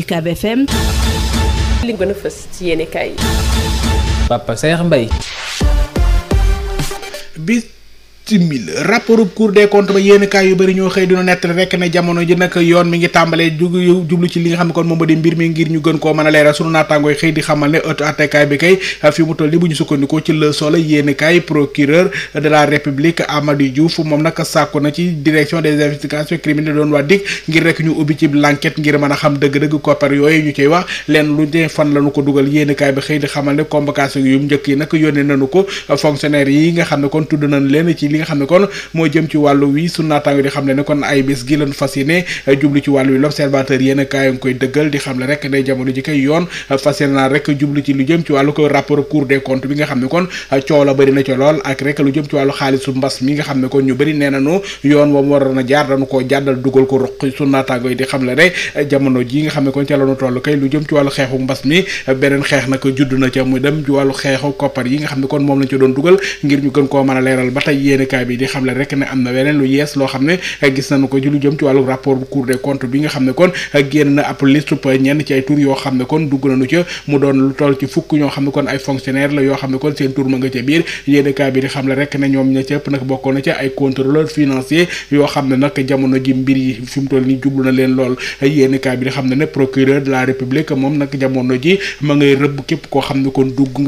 UCAB FM. li gën a fës ci yéenekaay yi. Papa Saer Mbaye. bis. mille rapport cour des comptes ba yéen yu bëri ñoo xëy dina nettali rek ne jamono ji nag yoon mi ngi tàmbalee jublu ci li nga xam ne kon moom a leeral sunu naataangooy xëy na ci ci l'enquête a nga xam ne kon moo jëm ci wàllu wi su naataango di xam ne ne kon ay bés gi lañu fas yéene eh, jublu ci wàllu wi l'observateur yéen a kaay ngi koy dëggal rek ne jamono ji kay yoon eh, fas yéene ci wàllu ko rapport cour des comptes nga xam ne kon eh, coow na ci lool ak rek lu jëm ci mbas mi nga xam ne kon ñu bëri nee nañu yoon wa mu waroon a jaar dañu koo jàddal dugal ko ruq su naataango yi di xam ne ne jamono ji nga xam ne kon ca lañu toll kay lu jëm ci wàllu xeexu mbas mi beneen xeex nag judd na ca mu dem ci wàllu xeexu koppar yi nga xam ne kon moom lañ ci doon dugal ngir ñu gën koo mën a leeral ba tey yéen yëglekaay bi di xam le rek ne am na weneen lu yees loo xam ne gis nañu ko ci lu jëm ci wàllu rapport bu cour des bi nga xam ne kon génn na ab liste ñenn ci ay tur yoo xam ne kon dugg nga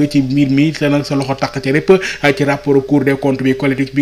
ci mbir mi te nag sa loxo takk ca rép ci rapport cour des comptes bi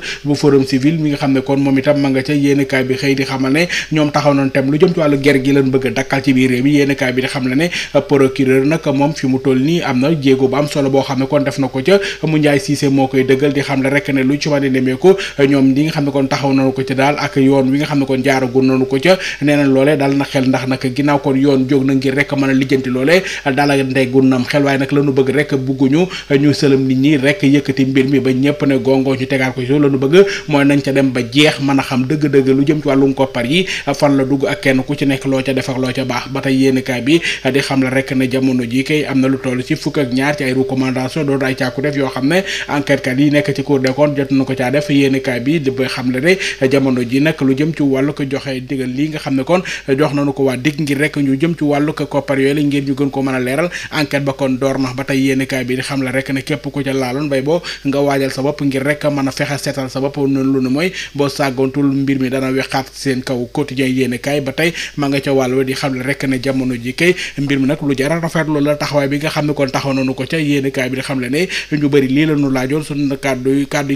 Sall bu forum civil mi nga xam ne kon moom itam ma nga ca yéenekaay bi xëy di xamal ne ñoom taxaw nañ tem lu jëm ci wàllu ger gi lan bëgg a dakkal ci biir réew mi euh, am na jéego am solo boo xam ne kon def na ko ca mu njaay siise moo koy dëggal di xam ne rek ne lu ci mën euh, a xam ne kon taxaw nañu ko ca daal ak yoon wi nga xam ne kon jaaragu nañu ko ca nee na loolee dal na xel ndax nag ginnaaw kon yoon jóg na ngir rek mën a lijjanti loolee euh, dala ndeygu nam xel waaye nag lanu bëgg rek bugguñu ñu sëlëm nit ñi rek yëkkati mbir mi ba ñëpp ne gongo ñu tegaat ko ci lañu bëgg mooy nañ ca dem ba jeex mën a xam dëgg-dëgg lu jëm ci wàllum koppar yi fan la ba tey yéenekaay bi la rek ne jamono ji kay am na lu toll ci fukk ak ñaar ci ay recommandation doon ay càkku def yoo xam ne enquête kat yi na ko caa def yéenekaay bi di xam le ne jamono ji nag lu jëm ci wàllu ko joxe digal lii nga xam ne kon jox koppar yooyu la ngeen ñu gën ko mën a leeral enquête ba kon door na ba tey yéenekaay bi di xam la rek ne képp ku ca laaloon bay boo nga waajal sa bopp ngir rek mën a fexe seet yaatal wa di xam ne rek ne jamono a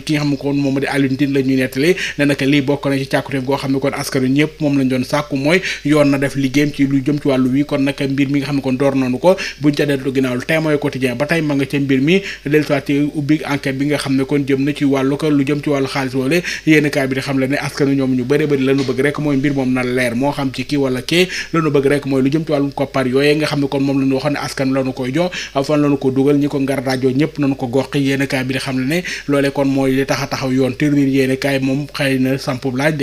ki nga xam ne kon moom di Alioune Tine la ne naka lii bokk na ci càkkuteef goo xam ne kon askanu ñëpp moom lañ doon sàkku mooy yoon na def liggéeyam ci lu jëm ci wàllu wi kon naka mbir mi nga xam ne kon ba tey ma nga ca mbir mi dellusiwaat ci ubbi enquête bi nga xam ne kon jëm na ci wàllu ko lu jëm ci wàllu xaalis woole yéen kaay bi di xam la ne askanu ñoom ñu bëri bëri lañu bëgg rek mooy mbir moom na leer moo xam ci kii wala lu ci wàllum koppar yooyee ko dugal ñi ko xam la ne a taxaw yoon na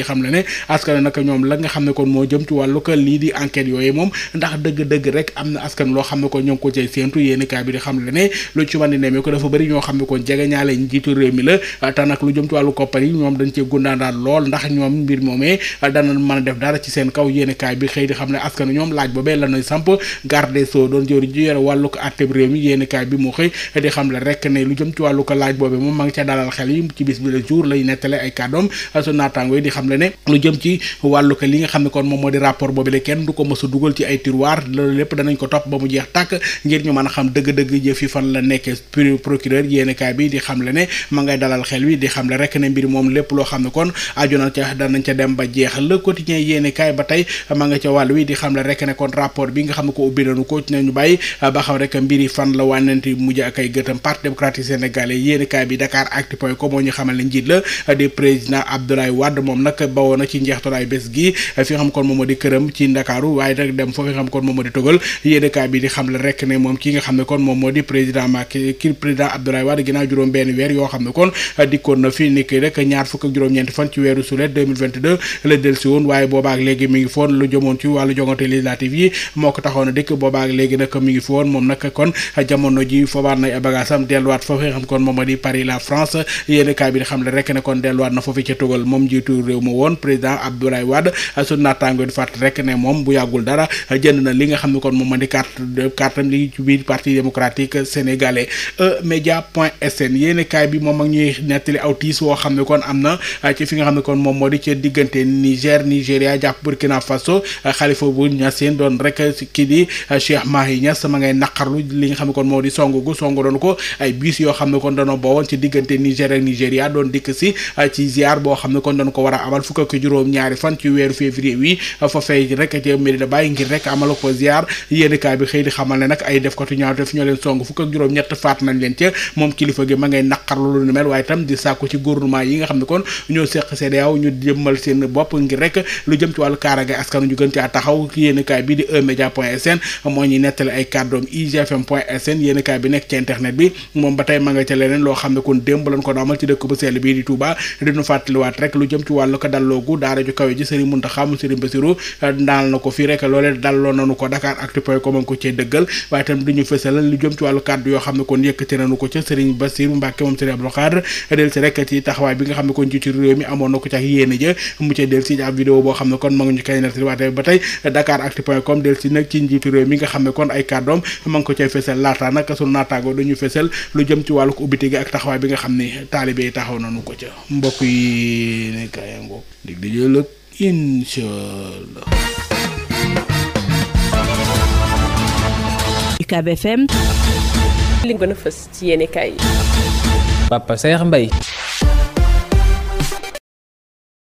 xam ne askan nag ñoom la nga xam ne kon moo jëm ci wàllu ko lii di enquête yooyee moom na askan loo xam ne ñoo ko cay séentu yéen kaay bi di xam la ne lu ci mën di nemee ko dafa bëri ñoo xam ne kon jege ñaale njiitu réew mi la te lu jëm wàllu koppar yi ñoom dañ cee gundaandaal lool ndax ñoom mbir moomee dana mën a def dara ci seen kaw yéenekaay bi xëy di xam ne ay kàddoom su naataango yi di xam le ne lu jëm ci wàllu ko li nga xam ne kon moom moo di rapport boobi le kenn du ko mës a dugal ci ay tiroir loolu lépp danañ ko topp ba mu jeex tàkk ngir ñu mën a xam dëgg-dëgg jëf la nekkee procureur yéenekaay bi di xam le ne ma ngay dalal xel wi di xam le rek fekk na mbir moom lépp loo xam ne kon aju ca daan ca dem ba jeex le quotidien yéeni kaay ba tey ma nga bi nga xam ne ko ubbi nañu ko ci nañu bàyyi ba xam rek mbiri fan la wànnante mujj ak ay gëtam moo ñu ne njiit la di président Abdoulaye Wade moom nag ki président Macky ki président Abdoulaye juróom benn weer yoo xam ne kon dikkoon na fi ni ki rek ñaar fukk ak juróom yi moo ko taxoon a kon jamono ji foobaat nga xam ne kon moom njiitu réew li nga xam ne kon moom ma parti démocratique sénégalais eMédia point sn yéeni kaay bi moom ak ñuy nettali aw boo xam ne kon am na ah, ci fi nga xam kon moom moo di ci diggante Niger Nigéria jàpp Burkina Faso xalifa ah, bu Niassène doon rek kii di ah, Cheikh Mahi Niass ngay naqarlu li nga xam ne moo di song gu song doon yoo xam ne kon danoo bowoon ci diggante Niger ak a amal ko ziar yéenekaay bi xëy di xamal ne nag ay def ko tu ñaaw def ñoo leen song fukk ak juróom-ñett faat nañ leen ca moom kilifa mel waaye itam di sàkku ci gouvernement yi nga xam ne kon ñoo seq CEDEAO ñu jëmmal seen ñu gën lu jëm ci wàllu kàddu yoo xam ne kon yëkkati nanu ko ca Serigne Bassirou Mbacké moom Serigne Abdou Khadre del si rek ci ci taxawaay bi nga xam ne ko njiitu réew mi amoon na ko ci ak yéen ja mu ca del si ab vidéo boo xam ne kon ma ngi ñu koy nettali waate ba si njiitu réew mi nga xam ne kon ay kàddoom ma ngi ko cay fesal laata nag sunu naataango dañu fesal lu jëm ci wàllu ko ubbite gi ak taxawaay bi nga xam ne taalibe yi taxaw nañu ko ca mbokk yi ne kaay ngoog dig dajee lëg